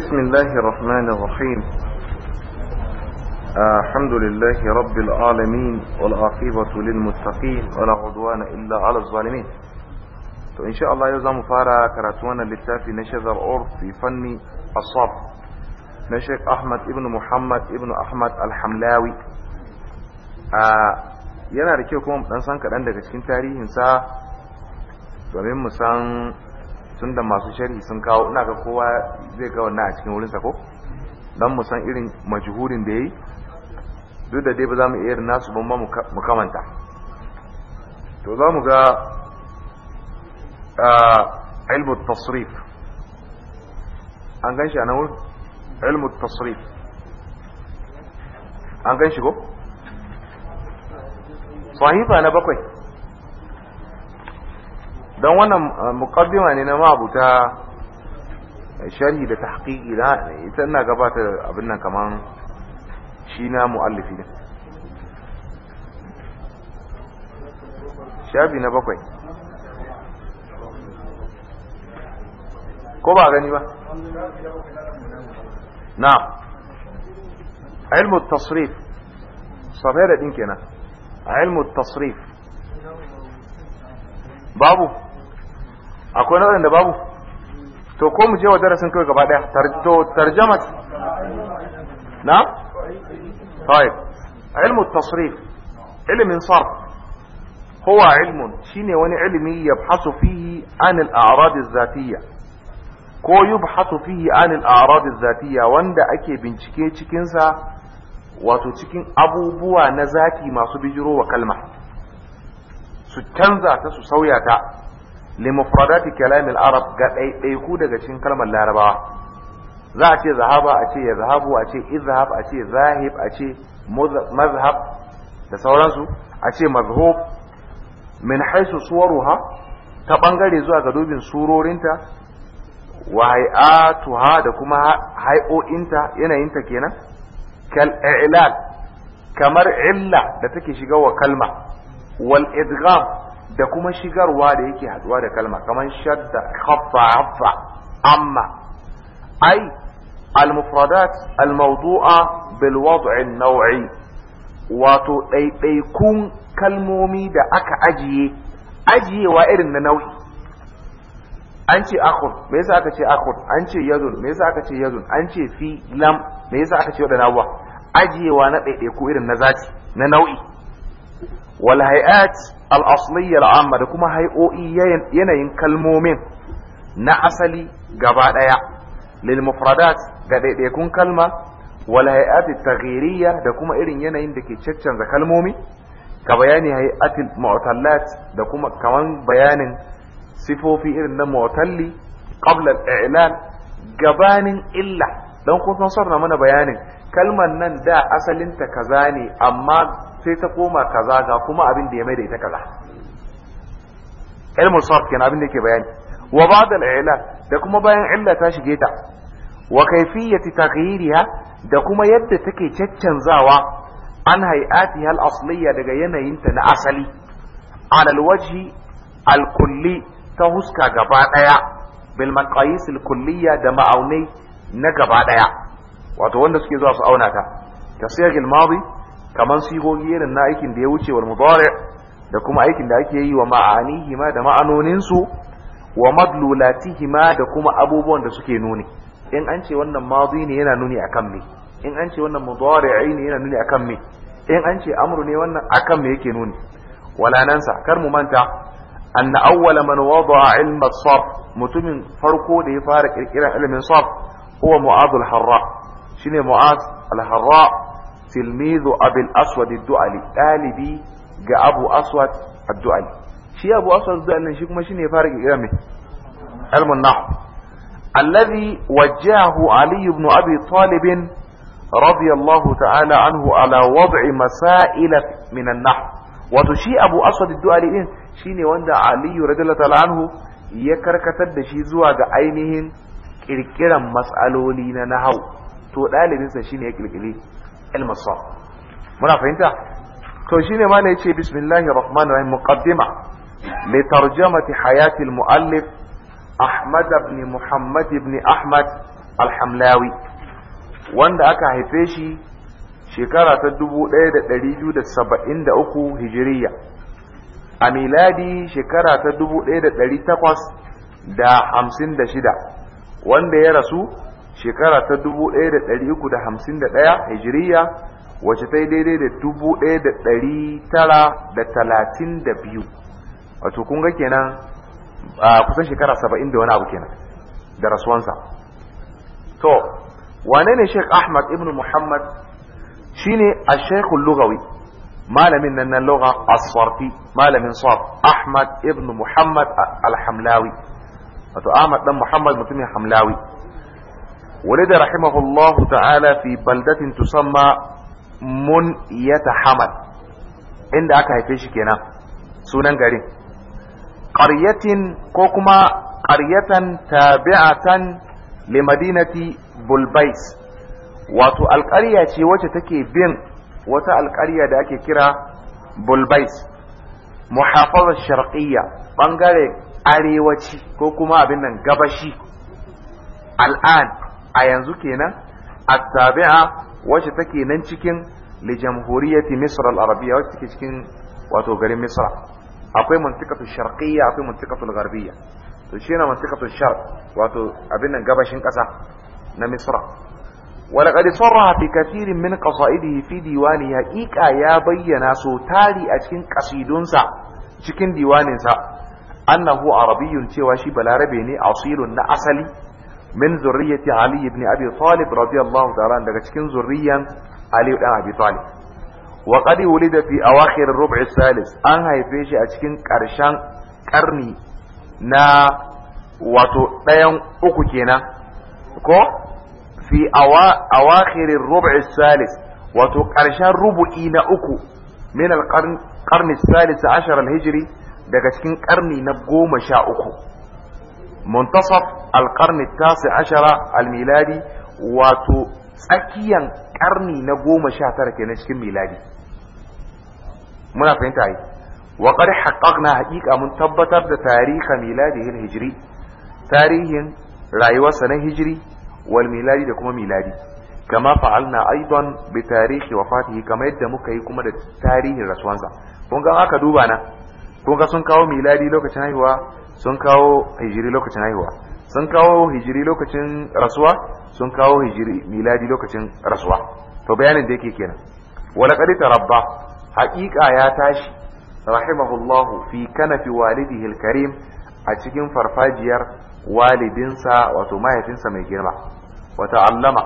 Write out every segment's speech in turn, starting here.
بسم الله الرحمن الرحيم آه، الحمد لله رب العالمين والعاقبة للمتقين ولا عدوان إلا على الظالمين إن شاء الله يوزع فارا كراتوانا للتافي نشذ الأرض في فن الصب نشك أحمد ابن محمد ابن أحمد الحملاوي yana da kyau kuma dan san kaɗan daga cikin tarihinsa domin mu san tun da masu shari'i sun kawo ina ga kowa zai ga wannan a cikin wurinsa ko don mu san irin majhurin da ya yi duk da dai ba za mu iya nasu ban ba mu kamanta to za mu ga ah, ilmu tasrif an gan shi a nan ilmu tasrif an gan shi ko sahifa na bakwai don wannan muqaddima ne na mabuta sharhi da tahqiqi da ita ina gabata abin nan kaman shi na muallifi ne shabi na bakwai ko ba gani ba na ilmu tasrif التصريف da din kenan ilmu tasrif babu akwai na waɗanda babu to ko mu je wa darasin kawai gaba ɗaya to tarjama na طيب علم التصريف علم صرف هو علم شيني وني علمي يبحث فيه عن الأعراض الذاتية ko yubhasu fihi anil a'rad zatiya wanda ake bincike cikin sa wato cikin abubuwa na zati masu bijiro wa kalma su canza ta su sauya ta limufradati kalamil arab ga ɗaiɗaiku daga cikin kalmar larabawa za a ce zahaba a ce ya zahabu a ce izhab a ce zahib a ce mazhab da sauransu a ce mazhub min haisu suwaruha ta bangare zuwa ga dubin surorinta wa hai'atuha da kuma hai'o'inta yanayinta kenan kal i'lal kamar illa da take shiga wa kalma wal idgham da kuma shigarwa da yake haduwa da kalma kamar shadda khaffa haffa amma ai al-mufradat al-mawdu'a bil wad'i nawi wato ɗaiɗaikun kalmomi da aka ajiye ajiyewa irin na nau'i an ce akhun me yasa aka ce akhun an ce yazun me yasa aka ce yazun an ce fi lam me yasa aka ce wadannan abubuwa ajiyewa na ɗaiɗaiku irin na zati na nau'i Walhai'at al asliya amma da kuma Hai'o'i yanayin kalmomin na asali gaba daya lil mufradat ga daidaikun kalma wal hay'at da kuma irin yanayin da ke caccanza kalmomi ka bayani hay'at al da kuma kamar bayanin sifofi irin na motalli, qabla al i'lan gabanin illa dan kun san mana bayanin kalmar nan da asalinta kaza ne amma sai ta koma kaza ga kuma abin da ya mai da ita kaza ilmul sarf kenan abin da yake bayani wa ba'd al da kuma bayan illa ta shige ta wa kayfiyati taghyiriha da kuma yadda take caccanzawa an hay'atiha al-asliyya daga yanayinta na asali ala al-wajhi al-kulli ta huska gaba daya bil maqayis al-kulliyya da ma'aunai na gaba daya wato wanda suke zuwa su auna ta tasiyar al-madi kamar sigogi irin na aikin da ya wuce wal mudari da kuma aikin da ake yi wa ma'anihi ma da ma'anonin su wa madlulatihi ma da kuma abubuwan da suke nuni in an ce wannan madi ne yana nuni akan me in an ce wannan mudari'i ne yana nuni akan me in an ce amru ne wannan akan me yake nuni wala nan sa kar mu manta anna awwala man wada'a ilma as mutumin farko da ya fara kirkiran ilimin sarf huwa mu'adh al-harra shine mu'adh al-harra tilmizu abul aswad ad-du'ali dalibi ga abu aswad ad-du'ali shi abu aswad ad-du'ali kuma shine ya fara kira mai ilmun nahw alladhi wajjahu ali ibn abi talib radiyallahu ta'ala anhu ala wad'i masail min an wato shi abu aswad ad-du'ali din shine wanda ali radiyallahu ta'ala anhu ya karkatar da shi zuwa ga ainihin ƙirƙiran mas'aloli na nahau to ɗalibinsa shine ya ƙirƙiri al-masaf muna fahimta to shine ma ne yace bismillahir rahmanir rahim muqaddima li tarjamati hayatil muallif ahmad ibn muhammad ibn ahmad al-hamlawi wanda aka haife shi shekara ta 1273 hijiriya a miladi shekara ta 1856 wanda ya rasu shekara ta 1351 hijiriya wacce ta yi daidai da 1932 wato kun ga kenan a kusan shekara 70 da wani abu kenan da rasuwansa to wane ne sheik ahmad ibn muhammad shine a sheikul lugawi malamin nan na lugha asfarti malamin sab ahmad ibn muhammad al-hamlawi wato ahmad dan muhammad mutumin hamlawi ولد رحمه الله تعالى في بلدة تسمى من يتحمل عند أكا هيفيش كينا سنان قريب قرية كوكما قرية تابعة لمدينة بلبيس wato alƙarya ce wacce take bin wata alƙarya da ake kira bulbais muhafazar sharqiyya ɓangare arewaci ko kuma abin nan gabashi al'an a yanzu kenan attabi'a wacce take nan cikin li jamhuriyati misr al arabiyya wacce take cikin wato garin misra akwai mantiqatu sharqiyya akwai mantiqatu gharbiyya to shi ne sharq wato abin nan gabashin kasa na misra wala qad sarraha fi kathirin min qasaidihi fi diwani haqiqa ya bayyana so tari a cikin ƙasidunsa cikin diwaninsa annahu arabiyyun cewa shi balarabe ne asilun na asali min zurriyyati ali ibn abi talib radiyallahu ta'ala daga cikin zurriyan ali ibn abi talib wa qad wulida fi awakhir ar-rub' salis an haife shi a cikin karshen karni na wato ɗayan uku kenan ko fi awakhir ar-rub' salis wato karshen rubu'i na uku min al-qarn salis ashar al-hijri daga cikin karni na goma sha uku منتصف القرن التاسع عشر الميلادي واتو تسكيا قرني نقوم شاتر كنشك ميلادي منا فهمت اي وقد حققنا حقيقة من تبتر تاريخ ميلاده الهجري تاريخ رأيوة سنة هجري والميلادي دكما ميلادي كما فعلنا ايضا بتاريخ وفاته كما يدى مكا يكما تاريخ رسوانزا ونقا اكا دوبانا kun ga sun kawo miladi lokacin haihuwa sun kawo hijiri lokacin haihuwa sun kawo hijiri lokacin rasuwa sun kawo hijiri miladi lokacin rasuwa to bayanin da yake kenan wala qad tarabba haqiqa ya tashi rahimahullahu fi kanfi walidihi alkarim a cikin farfajiyar walidinsa wato mahaifinsa mai girma wa ta'allama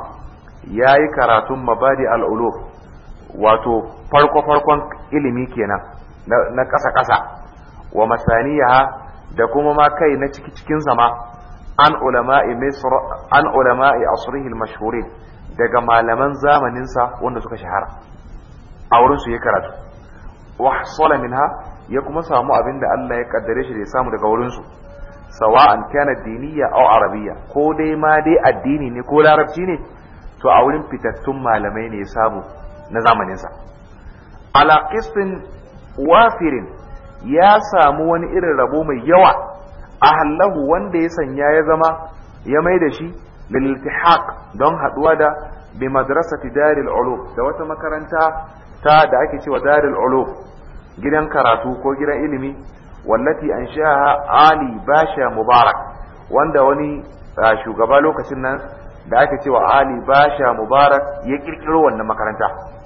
yayi karatun mabadi al-ulum wato farko farkon ilimi kenan na kasa kasa wa masaniyaha da kuma ma kai na ciki cikin zama an ulama'i misr an ulama'i asrihi mashhurin daga malaman zamanin sa wanda suka shahara a wurin su ya karatu wa hasala minha ya kuma samu abin da Allah ya kaddare shi da ya samu daga wurin su sawa'an kana diniya aw arabiyya ko dai ma dai addini ne ko larabci ne to a wurin fitattun malamai ne ya samu na zamanin sa ala qistin wafirin ya samu wani irin rabo mai yawa ahallahu wanda ya sanya ya zama ya mai da shi liltihaq don haduwa da bi madrasati daril ulum da wata makaranta ta da ake cewa daril ulum gidan karatu ko gidan ilimi wallati sha ali basha mubarak wanda wani shugaba lokacin nan da ake cewa ali basha mubarak ya kirkiro wannan makaranta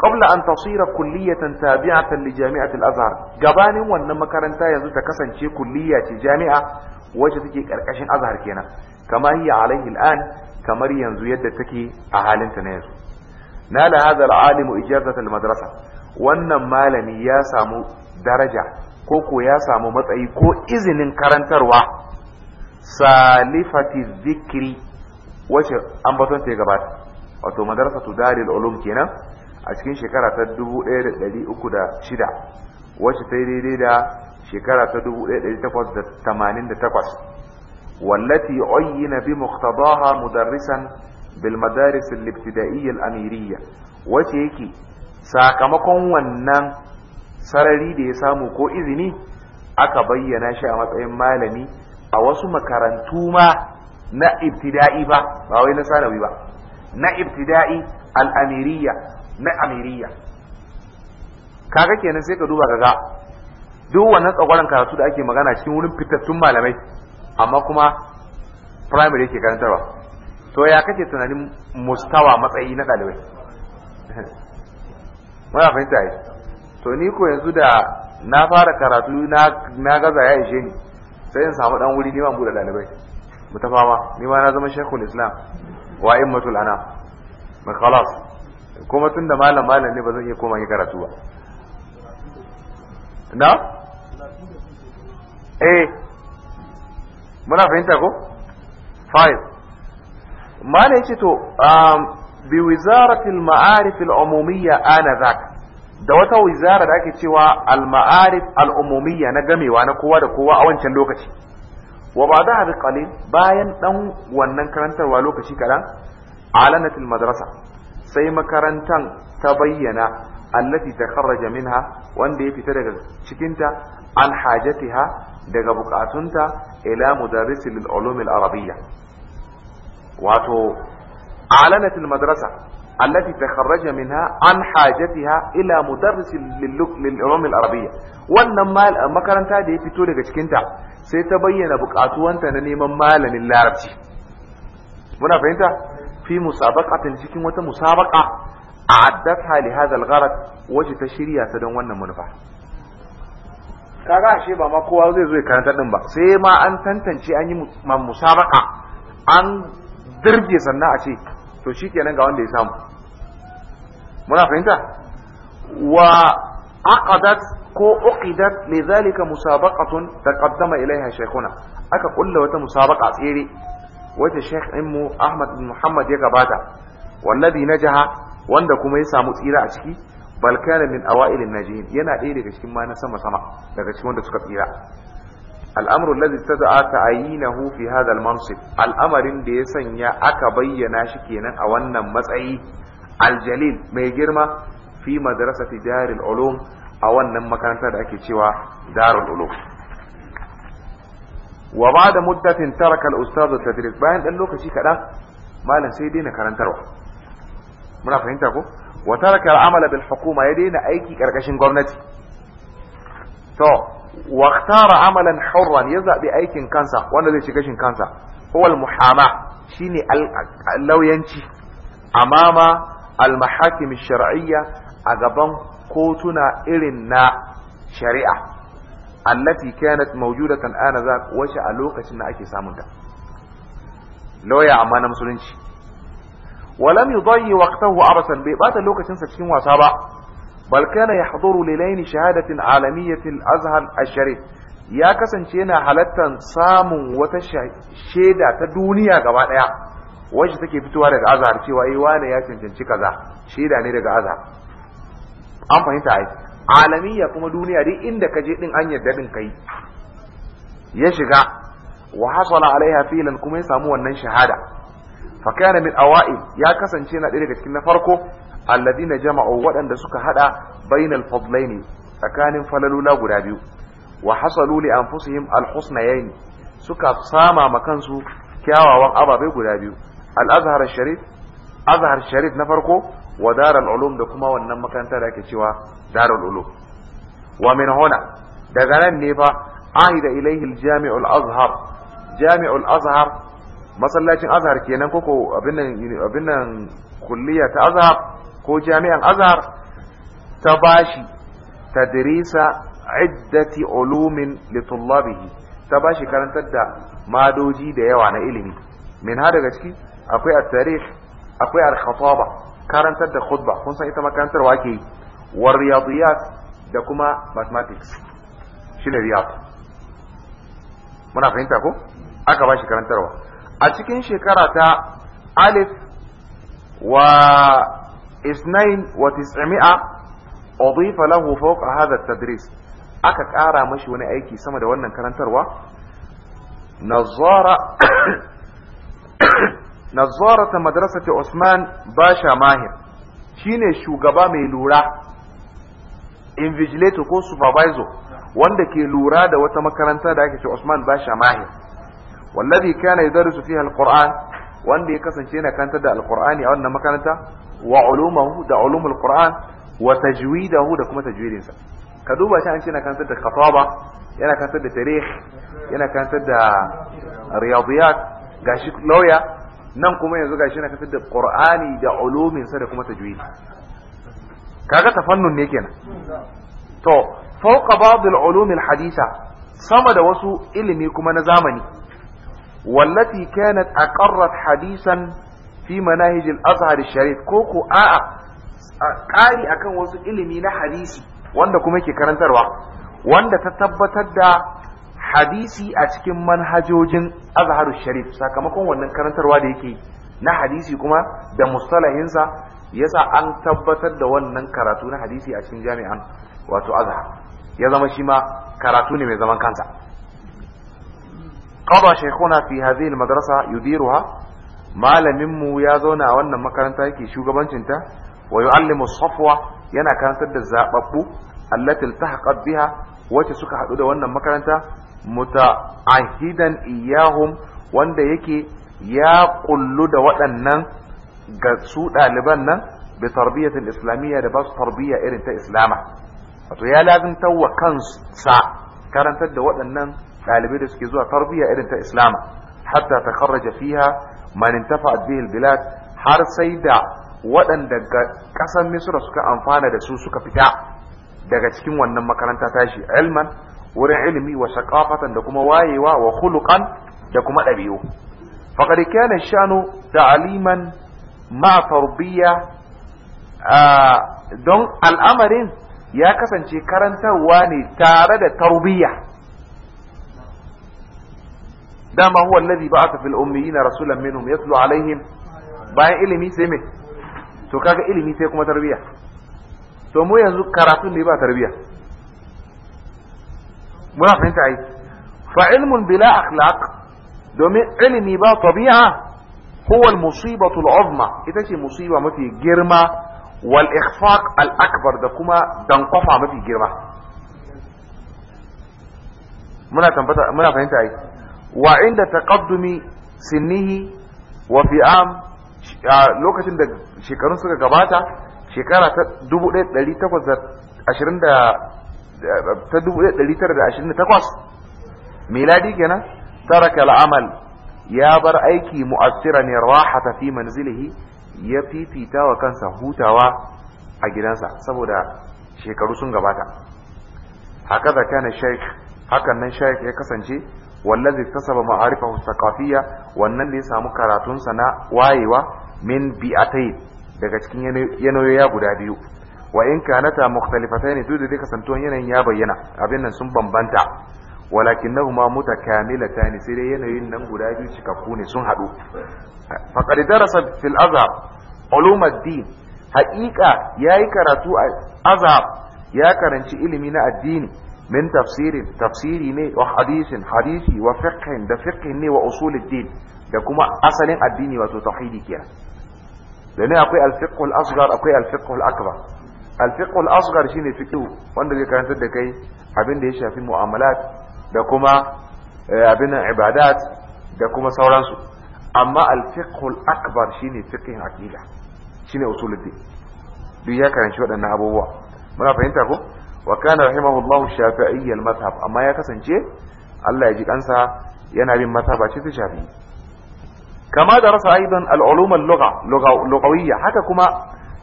qabla an tasira kulliyatan tabi'atan li jami'atil azhar gabanin wannan makaranta yanzu ta kasance kulliya ce jami'a wacce take karkashin azhar kenan kama hiya alaihi kamar yanzu yadda take a halinta na yanzu Na hadha al'alimu ijazat al-madrasa wannan malami ya samu daraja ko ko ya samu matsayi ko izinin karantarwa salifati zikri wacce ambaton ta gabata wato madarasa daril ulum kenan a cikin shekara ta 1306 wacce ta yi daidai da shekara ta 1888 wallati uyyina bi muktabaha mudarrisan bil madaris al amiriyya wacce yake sakamakon wannan sarari da ya samu ko izini aka bayyana shi a matsayin malami a wasu makarantu ma na ibtida'i ba ba wai na sanawi ba na ibtida'i al amiriyya na amiriya kaga kenan sai ka duba kaga duk wannan tsagwaron karatu da ake magana cikin wurin fitattun malamai amma kuma primary yake karantarwa to ya kake tunanin mustawa matsayi na ɗalibai muna fahimta yi to ni ko yanzu da na fara karatu na gaza ya ishe ni sai in samu dan wuri neman bude ɗalibai mu ta fama ni ma na zama shekul islam wa matul ana mai khalas kuma tunda malam malam ne ba zan iya koma yi karatu ba na eh muna fahimta ko five malam ce to um, bi wizaratil ma'arifil al-umumiyya anadhak da wata wizara da ake cewa al-ma'arif al-umumiyya na gamewa na kowa da kowa a wancan lokaci wa ba za bi bayan dan wannan karantarwa lokaci kaɗan alanatil madrasa sai makarantan ta bayyana allati takharraja minha wanda ya fita daga cikinta an hajatiha daga bukatunta ila mudarrisi lil ulum al arabiyya wato alanat al madrasa allati minha an hajatiha ila mudarrisi lil ulum al arabiyya wannan makaranta da ya fito daga cikinta sai ta bayyana bukatuwanta na neman malamin larabci muna fahimta fi musabaqatin cikin wata musabaqa a'addatha li hadha al-gharad wace ta shirya ta don wannan manufa kaga ashe ba ma kowa zai zo ya karanta din ba sai ma an tantance an yi musabaqa an dirge sannan a ce to shikenan ga wanda ya samu muna fahimta wa aqadat ko uqidat lidhalika musabaqatun taqaddama ilaiha shaykhuna aka kulla wata musabaqa tsere wacce sheikh mu ahmad bin muhammad ya gabata na najaha wanda kuma ya samu tsira a ciki bal kana min awailin najihin yana ɗaya daga cikin ma na sama sama daga cikin wanda suka tsira al'amru allazi tada'a ta'ayinahu fi hadha al-mansib al'amarin da ya sanya aka bayyana shi kenan a wannan matsayi aljalil mai girma fi madrasati darul ulum a wannan makarantar da ake cewa darul ulum wa ba da muddatin taraka al-ustaz tadris bayan ɗan lokaci kaɗan malam sai daina karantarwa muna fahimta ko wa taraka al-amala bil hukuma ya daina aiki ƙarƙashin gwamnati to wa ikhtara amalan hauran ya zaɓi aikin kansa wanda zai ci gashin kansa huwa muhama shine al-lauyanci amama al-mahakim ash-shar'iyya a gaban kotuna irin na shari'a allati kanat mawjudatan anazak wace a lokacin da ake samun ta lawyer amma na musulunci walam yudayyi waqtahu abasan bai bata lokacin sa cikin wasa ba bal kana yahduru lilayn shahadatin alamiyatin azhar asharif ya kasance yana halartar samun wata shaida ta duniya gaba daya wacce take fitowa daga azhar cewa ai eh, wane ya cancanci kaza shaida ne daga azhar an fahimta ai alamiya kuma duniya duk inda ka je din an yadda din kai ya shiga wa hasala alaiha filan kuma ya samu wannan shahada fa kana min awa'il ya kasance na daga cikin na farko alladina jama'u waɗanda suka hada bainal fadlaini tsakanin falalula guda biyu wa hasalu li anfusihim alhusnayaini suka sama ma kansu kyawawan ababai guda biyu al-azhar sharif azhar sharif na farko wa darul ulum da kuma wannan makarantar da ake cewa darul ulum wa min huna daga nan ne fa ahida ilaihi al-jami'ul azhar jami'ul azhar masallacin azhar kenan koko abin nan abin nan kulliya ta azhar ko jami'an azhar ta bashi tadrisa iddati ulumin li tullabihi ta bashi karantar da madoji da yawa na ilimi min ha daga ciki akwai at-tarikh akwai al-khataba karantar da khutba kun san ita makarantarwa ake yi wa riyadiyat da kuma mathematics a riyad muna fahimta ko aka ba shi karantarwa a cikin shekara ta alif wa isnain wa tis'mi'a أضيف له فوق هذا Tadris aka ƙara mashi wani aiki sama da wannan karantarwa nazara nazarata madrasati Usman Basha Mahir shine shugaba mai lura invigilator ko supervisor wanda ke lura da wata makaranta da ake ce Usman Basha Mahir wallazi kana yadarisu fiha alquran wanda ya kasance yana kantar da alqurani a wannan makaranta wa ulumahu da ulumul quran wa tajwidahu da kuma tajwidinsa ka duba shi an ce yana kantar da khataba yana kantar da tarikh yana kantar da riyadiyat gashi lawyer nan kuma yanzu gashi na kafin da qur'ani da ulumin da kuma tajwid kaga tafannun ne kenan to fawqa ba'd al-ulum al-haditha sama da wasu ilimi kuma na zamani wallati kanat aqarrat hadisan fi manahij al-azhar al-sharif ko a'a ƙari akan wasu ilimi na hadisi wanda kuma yake karantarwa wanda ta tabbatar da hadisi a cikin manhajojin azharu sharif sakamakon wannan karantarwa da yake na hadisi kuma da mustalahinsa yasa an tabbatar da wannan karatu na hadisi a cikin jami'an wato azhar ya zama shi ma karatu ne mai zaman kansa qada shaykhuna fi hadhihi almadrasa yudiruha malamin mu ya zauna a wannan makaranta yake shugabancin ta wa yu'allimu safwa yana karantar da zababbu allati iltahaqat biha wacce suka haɗu da wannan makaranta muta'ahidan iyahum wanda yake ya kullu da waɗannan ga su ɗaliban nan bi tarbiyyatin islamiyya da ba su tarbiyya irin ta islama wato ya lazimtar wa kansa karantar da waɗannan ɗalibai da suke zuwa tarbiyya irin ta islama hatta ta karraja fiha man intafa bihi albilad har sai da waɗanda ga ƙasar misra suka amfana da su suka fita daga cikin wannan makaranta tashi ilman wurin ilimi wa shaqafatan da kuma wayewa wa khuluqan da kuma dabi'u faqad kana shanu ta'liman ma tarbiya don al'amarin ya kasance karantarwa ne tare da tarbiyya dama huwa alladhi ba'atha fil ummiyina rasulan minhum yatlu alaihim bayan ilimi sai me to kaga ilimi sai kuma tarbiyya to mu yanzu karatun ne ba tarbiya muna fahimta ai fa ilmun bila akhlaq domin ilimi ba tabi'a huwa al-musibatu al ita ce musiba mafi girma wal ikhfaq al-akbar da kuma dankofa mafi girma muna tambata muna fahimta ai wa inda taqaddumi sinnihi wa fi'am lokacin da shekarun suka gabata shekara ta 1828 1928 miladi kenan taraka al'amal ya bar aiki mu'assiran yarwahata fi manzilihi ya fifita wa kansa hutawa a gidansa saboda shekaru sun gabata haka da kana sheikh hakan nan sheikh ya kasance wallazi tasaba ma'arifahu thaqafiyya wannan da ya samu karatun sa na wayewa min bi'atayn daga cikin yanayoyi guda biyu wa in kanata ne duk da kasantuwan yanayin ya bayyana abin nan sun bambanta walakin walakinnahuma mutakamilatan sai dai yanayin nan guda biyu cikakku ne sun hadu faqad darasa fil azhar ulum ad-din haqiqa yayi karatu a azhar ya karanci ilimi na addini min tafsirin tafsiri ne wa hadisin hadisi wa fiqhin da fiqhin ne wa usul din da kuma asalin addini wato tauhidi kenan domin akwai alfiqhul asghar akwai alfiqhul akbar alfiqhul asghar shine fiqh wanda zai karantar da kai abin da ya shafi mu'amalat da kuma eh, abin ibadat da kuma sauransu amma alfiqhul akbar shine fiqhin aqida shine usuluddin duk ya karanci waɗannan abubuwa muna fahimta ko wa kana rahimahullahu shafi'i al amma ya kasance Allah ya ji kansa yana bin mazhaba ce ta shafi'i كما درس أيضا العلوم اللغة لغة لغوية حتى كما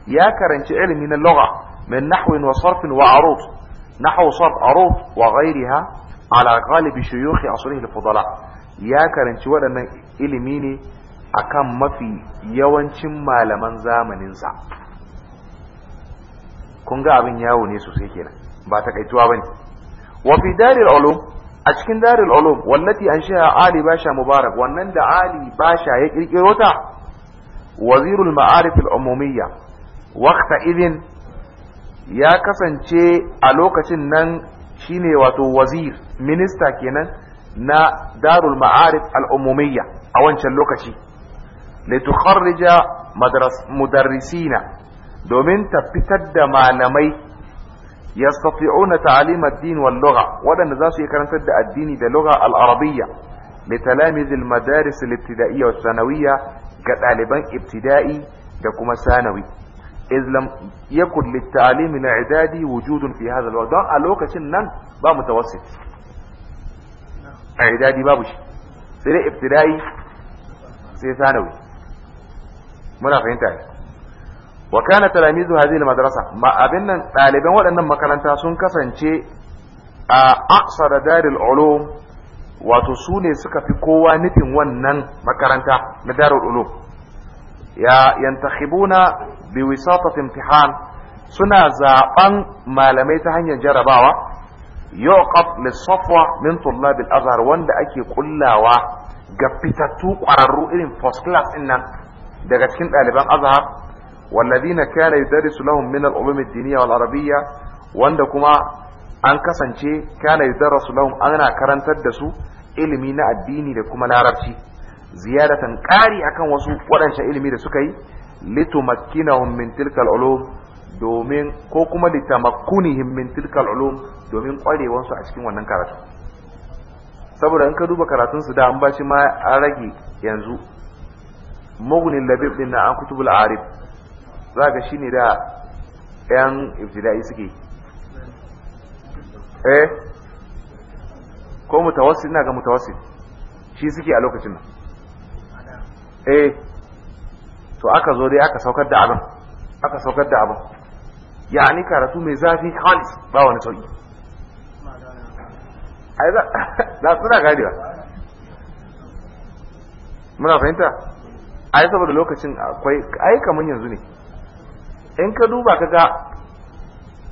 يكرنت علم من اللغة من نحو وصرف وعروض نحو صرف عروض وغيرها على غالب شيوخ عصره الفضلاء يكرنت من علميني akan أكم ما في zamaninsa kun ga abin yawo ne sosai ياو نيسو ta kaituwa bane wa fi daril a cikin darul ulum wallati anshaha ali basha mubarak wannan da ali basha ya kirkiro ta wazirul ma'arif al umumiyya waqta idin ya kasance a lokacin nan shine wato wazir minista kenan na darul ma'arif al umumiyya a wancan lokaci litukharrija madras mudarrisina domin ta fitar da malamai يستطيعون تعليم الدين واللغة ودن ذاسي يكرن تد الدين بلغة العربية لتلاميذ المدارس الابتدائية والثانوية كطالبان ابتدائي دكما ثانوي إذ لم يكن للتعليم الإعدادي وجود في هذا الوضع دون ألوكا با متوسط إعدادي بابش سيري ابتدائي سيري ثانوي مرافعين فهمت wa kana talamizu hadhihi almadrasa ma abin nan ɗaliban waɗannan makaranta sun kasance a aqsara daril ulum wato sune suka fi kowa nufin wannan makaranta na darul ulum ya yantakhibuna bi wisatati imtihan suna zaban malamai ta hanyar jarabawa yuqaf lisafwa min tullab al-azhar wanda ake kullawa ga fitattu kwararru irin first class din nan daga cikin ɗaliban azhar والذين كان يدرس لهم من العلوم الدينية والعربية وندكما an kasance kana yudarrasu lahum ana karantar da su ilimi na addini da kuma larabci ziyaratan ƙari akan wasu waɗancan ilimi da suka yi litumakkinahum min tilkal ulum domin ko kuma litamakkunihim min tilkal domin ƙwarewansu a cikin wannan karatu saboda in ka duba karatun su da an bashi ma an rage yanzu mugunin labib din na an kutubul arif za ka shi ne da 'yan ibtida'i suke eh ko mutawassil na ga mutawassil shi suke a lokacin nan eh to aka zo dai aka saukar da abin aka saukar da abin Ya'ani karatu mai zafi khalis ba wani sauki ai za za su da gadewa muna fahimta ai saboda lokacin akwai ai kaman yanzu ne in ka duba ka ga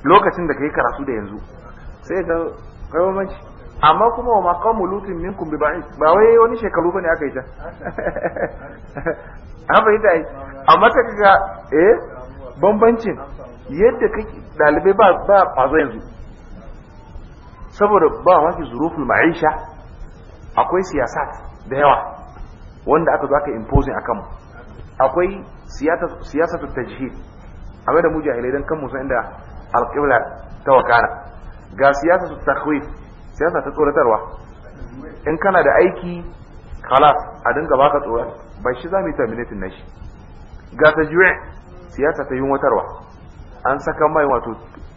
lokacin da ka yi karatu da yanzu sai ka kawamanci amma kuma wa maqamu lutin minkum bi ba'i ba wai wani shekaru bane aka yi ta an ta yi amma ta ga eh bambancin yadda kake dalibai ba ba kwazo yanzu saboda ba wani zurufin ma'aisha akwai siyasa da yawa wanda aka zo aka imposing akan mu akwai siyasatu tajhid a da mujahilai jahilai don kan musan inda alƙibla ta wakana ga siyasa su takwif siyasa ta tsoratarwa in kana da aiki kala a dinga baka tsoron bai shi za mu yi terminatin na shi ga ta juwe siyasa ta yunwatarwa an saka mai wato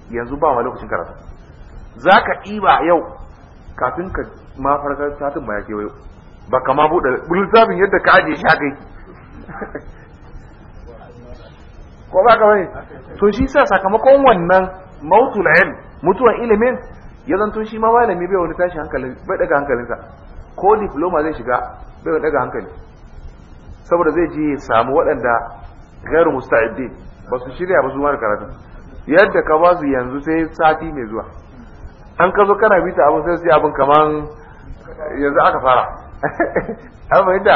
yanzu ba ma lokacin karatu za ka ɗiba yau kafin ka ma farkar satin ba ya wayo ba ma buɗe bulzabin yadda ka ajiye shi ko ba ka bane to shi sa sakamakon wannan mautul ilm mutuwan ilimin ya zanto shi ma malami bai wani tashi hankali bai daga hankalinsa ko diploma zai shiga bai wani daga hankali saboda zai je ya samu waɗanda gairu musta'iddi ba su shirya ba su mara karatu yadda ka ba su yanzu sai sati mai zuwa an ka zo kana bita abin sai sai abin kaman yanzu aka fara an fahimta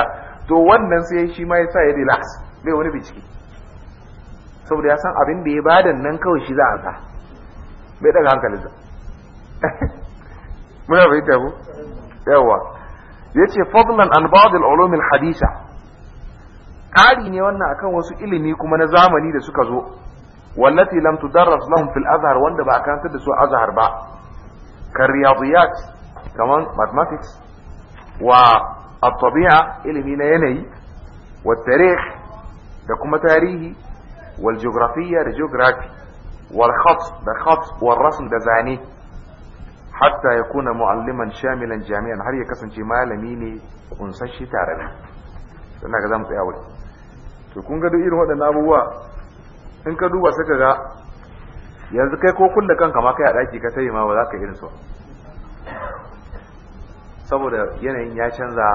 to wannan sai shi ma ya sa ya relax bai wani bincike saboda ya san abin da ya bada nan kawai shi za a sa bai daga hankalin sa muna bai tabo yawa yace fadlan an ba'd al-ulum al-hadisa ƙari ne wannan akan wasu ilimi kuma na zamani da suka zo wallati lam tudarras lahum fil azhar wanda ba a karantar da su azhar ba kan riyadiyat kaman mathematics wa at-tabi'a ilimi na yanayi wa tarikh da kuma tarihi wal da geography wal da khat wal da zane hatta ya kuna mu'alliman shamilan jami'an har ya kasance malami ne kunsashi tare da sannan ga zamu tsaya wuri to kun ga duk irin waɗannan abubuwa in ka duba saka ga yanzu kai ko kulle kanka ma kai a daki ka tayi ma ba ka irin su saboda yanayin ya canza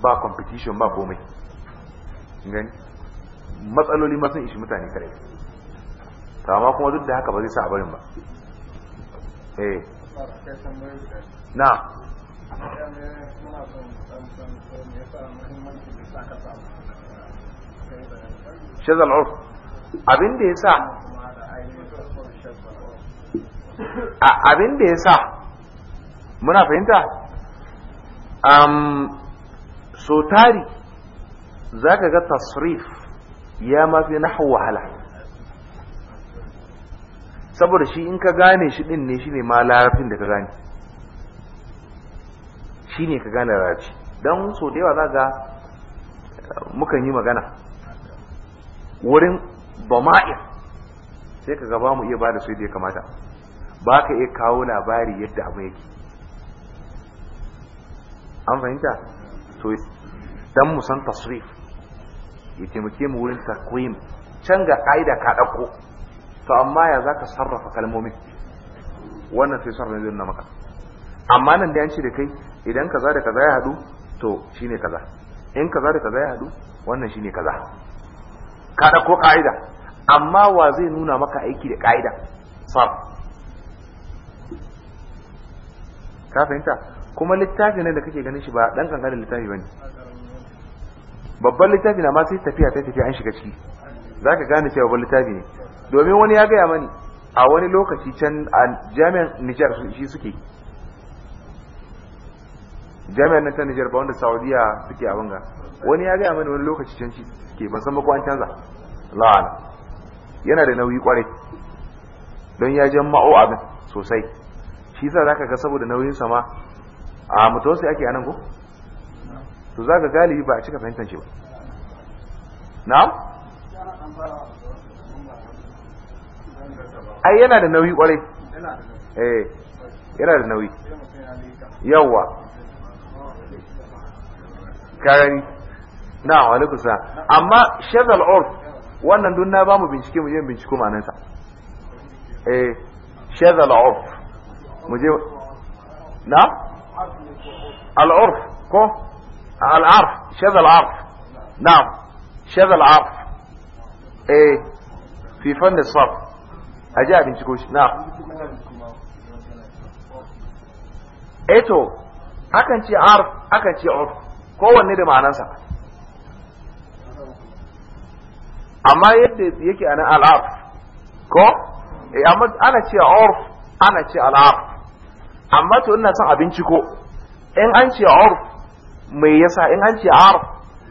ba competition ba komai gani matsaloli ma sun ishi mutane kare to amma kuma duk da haka ba zai sa a barin ba eh na shazal urf abin da ya sa abin da ya sa muna fahimta um, so tari za ka ga tasrif ya ma na nahu wahala saboda shi in ka gane shi din ne shi ne ma larabcin da ka gane shi ne ka gane larabci don so da yawa za ga mukan yi magana wurin bama'ir sai ka gaba mu iya ba da su da ya kamata ba ka iya kawo labari yadda abu yake an fahimta to dan mu san tasrif ya taimake mu wurin takwim canza ka'ida ka dauko to amma ya zaka sarrafa kalmomin wannan sai sarrafa zai maka amma nan da yanci da kai idan kaza da kaza ya hadu to shine kaza in kaza da kaza ya hadu wannan shine kaza ka dauko ka'ida amma wa zai nuna maka aiki da ka'ida sab ka fahimta kuma littafi ne da kake ganin shi ba ɗan kankanin littafi ba ne babban littafi na masu sai tafiya ta tafiya an shiga ciki za ka gane cewa babban littafi ne domin wani ya gaya mani a wani lokaci can a jami'an nijar shi suke jami'an nan ta nijar ba wanda saudiya suke a banga wani ya gaya mani wani lokaci can shi suke ban san bakwai an canza la'ala yana da nauyi kwarai don ya jan ma'o abin sosai shi sa za ka ga saboda nauyin sama a mutuwarsa ake anan ko to za ka galibi ba a cika fahimtar ce ba na? ai yana da nauyi kwarai eh yana da nauyi yawa karani na wani kusa amma shezal urf. wannan dun na bamu bincike mu je binciko manansa eh shagal orf mu je na al ko العرف شذا العرف نعم شذا العرف ايه في فن الصرف اجا بنتكوش نعم eto akan ce arf akan ce urf kowanne da ma'anansa amma yadda yake anan al'arf ko eh amma ana ce urf ana ce al'arf amma to ina son abinci ko in an ci urf mai yasa in an ce arf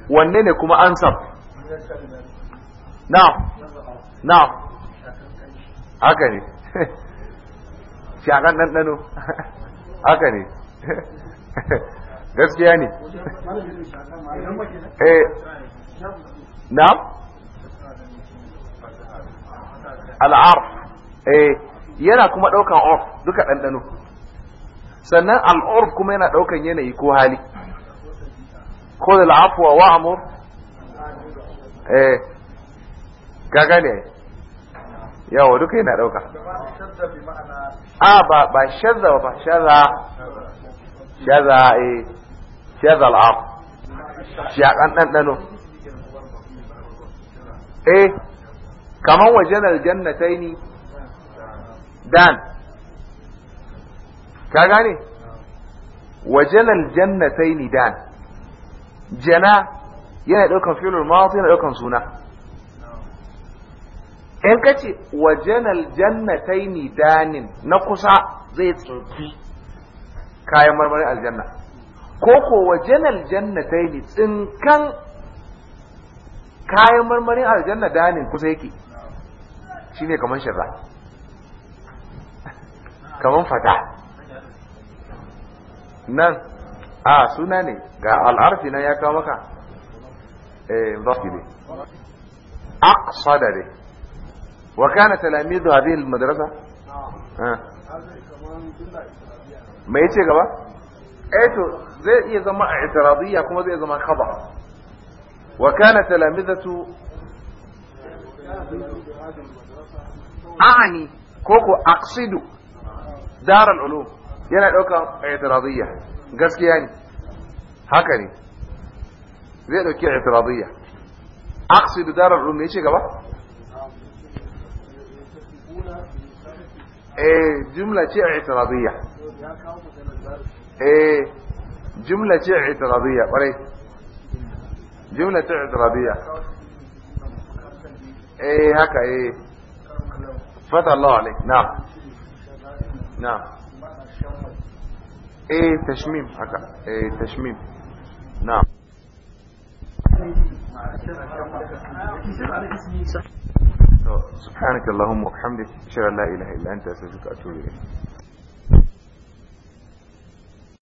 wanne ne kuma ansar na na haka ne shakan ɗanɗano haka ne gaskiya ne eh. na al'arf eh. yana kuma ɗaukan orf duka ɗanɗano sannan al'urf kuma yana ɗaukan yanayi ko hali خذ العفو واعمر ايه كغني يا ودك هنا اه با با شذا با شذا شذا ايه شذا العفو شيا كان دن ايه كما وجن الجنتين دان كغني وجن الجنتين دان jana yana daukan fi'lul madi yana daukan suna in kace wajanal ni danin na kusa zai tsinki kayan marmari aljanna ko ko wajanal ni tsinkan kayan marmarin aljanna danin kusa yake shine kaman shirra kaman fata nan a suna ne ga al'arfi nan ya kawo maka eh zafi ne aqsada ne wa kana talamidu a al-madrasa me ce gaba eh to zai iya zama a itiradiyya kuma zai zama khaba wa kana talamidatu a'ani Ko aqsidu dar al-ulum yana daukan itiradiyya gaskiya ne haka ne zai dauki itiradiyya aqsidu darar rum ne ce gaba eh jumla ce itiradiyya eh jumla ce itiradiyya kwarai jumla ce itiradiyya eh haka eh fata Allah alaik na'am na'am eh tashmim haka eh tashmim na'am سبحانك اللهم وبحمدك اشهد ان لا اله الا انت استغفرك واتوب اليك